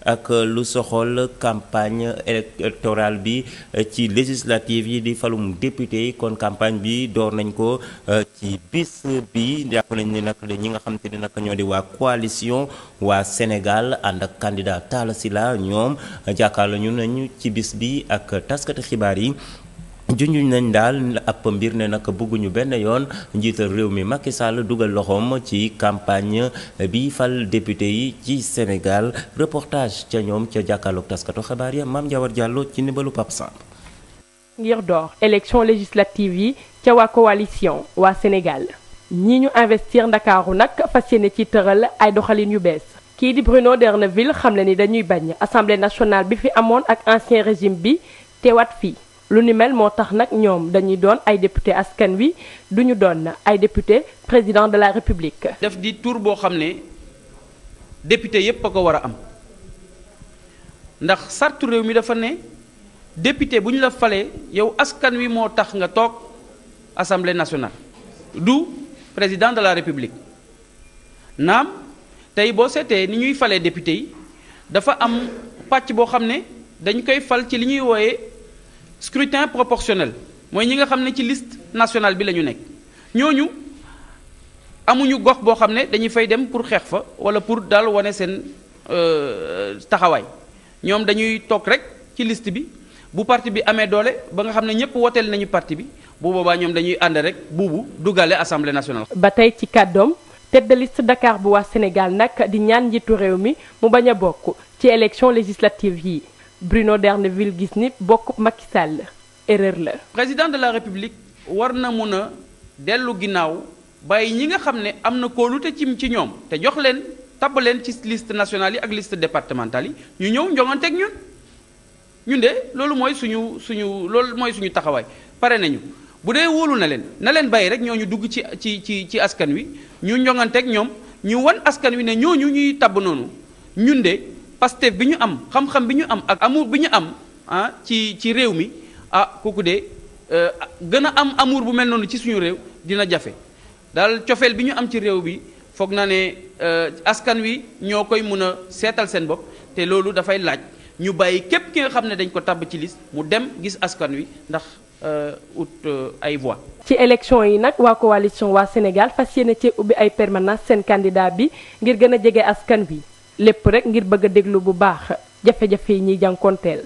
ak euh, lu soxol campagne électorale bi euh, ci législative yi di falum député yi kon campagne bi door nañ ko euh, ci bis bi jàpp nañ ni nag ñi nga xam te ni nag ñoo di waa coalition waa Sénégal ànd ak candidat Talla Sylla ñoom jàkkaarloo ñu nañu ci bis bi ak taskati xibaar yi junjuñ nañ daal ab mbir ne nag bëgguñu benn yoon njiital réew mi Macky Sall dugal loxoom ci campagne bi fal député yi ci Sénégal reportage ca ñoom ca jàkkaarloog taskatu xabaar ya Mame Diawar Diallo ci ndimbalu Pape Samb ngir door élection législative yi ca waa coalition waa Sénégal ñi ñu investir ndakaaru nag fas yéene ci tëral ay doxalin yu bees kii di Bruno D'erneville xam le ni dañuy bañ assemblée nationale bi fi amoon ak ancien régime bi te wat fi lu ni mel moo tax nag ñoom dañuy doon ay député askan wi du ñu doon ay député président de la république. def di tour boo xam ne député yépp a ko war a am ndax sartu réew mi dafa ne député bu ñu la falee yow askan wi moo tax nga toog assemblée nationale du président de la république naam tey boo seetee ni ñuy falee député yi dafa am pàcc boo xam ne dañ koy fal ci li ñuy wooyee. scrutin proportionnel mooy ñi nga xam ne ci list national bi la ñu nekk ñooñu amuñu gox boo xam ne dañuy fay dem pour xeex fa wala pour daal wane seen euh, taxawaay ñoom dañuy toog rek ci liste bi bu parti bi amee doole ba nga xam ne ñëpp woteel nañu parti bi bu boobaa ñoom dañuy ànd rek buubu dugale assemblée nationale. ba tey ci kàddoom tête de liste Dakar bu waa Sénégal nag di ñaan njiitu réew mi mu bañ a bokk ci élection législative yi. Bruno D'Erneville gis ni bokk Macky la erreur la. président de la république war na mun a dellu ginnaaw bàyyi ñi nga xam ne am na kóolute ci ci ñoom te jox leen tabb leen ci liste nationale yi ak liste départementale yi ñu ñëw njonganteeg ñun ñun de loolu mooy suñu suñu loolu mooy suñu taxawaay pare nañu bu dee wóolu na leen na leen bàyyi rek ñoo ñu dugg ci ci ci ci askan wi ñu njonganteeg ñoom ñu wan askan wi ne ñooñu ñuy tabb noonu ñun de. Pastef bi ñu am xam-xam bi ñu am ak amour bi ñu am ah ci ci réew mi ah kooku de euh, gën a am amour bu mel noonu ci suñu réew dina jafe daal cofeel bi ñu am ci réew bi foog naa ne euh, askan wi ñoo koy mën a seetal seen bopp te loolu dafay laaj ñu bàyyi képp ki nga xam ne dañ ko tàbb ci liste mu dem gis askan wi ndax euh, ut ay voix. ci élection yi nag waa coalition waa Sénégal fas yéene cee ubbi ay permanence seen candidat bi ngir gën a jege askan wi. lépp rek ngir bëgg a déglu bu baax jafe-jafe yi ñuy jànkonteel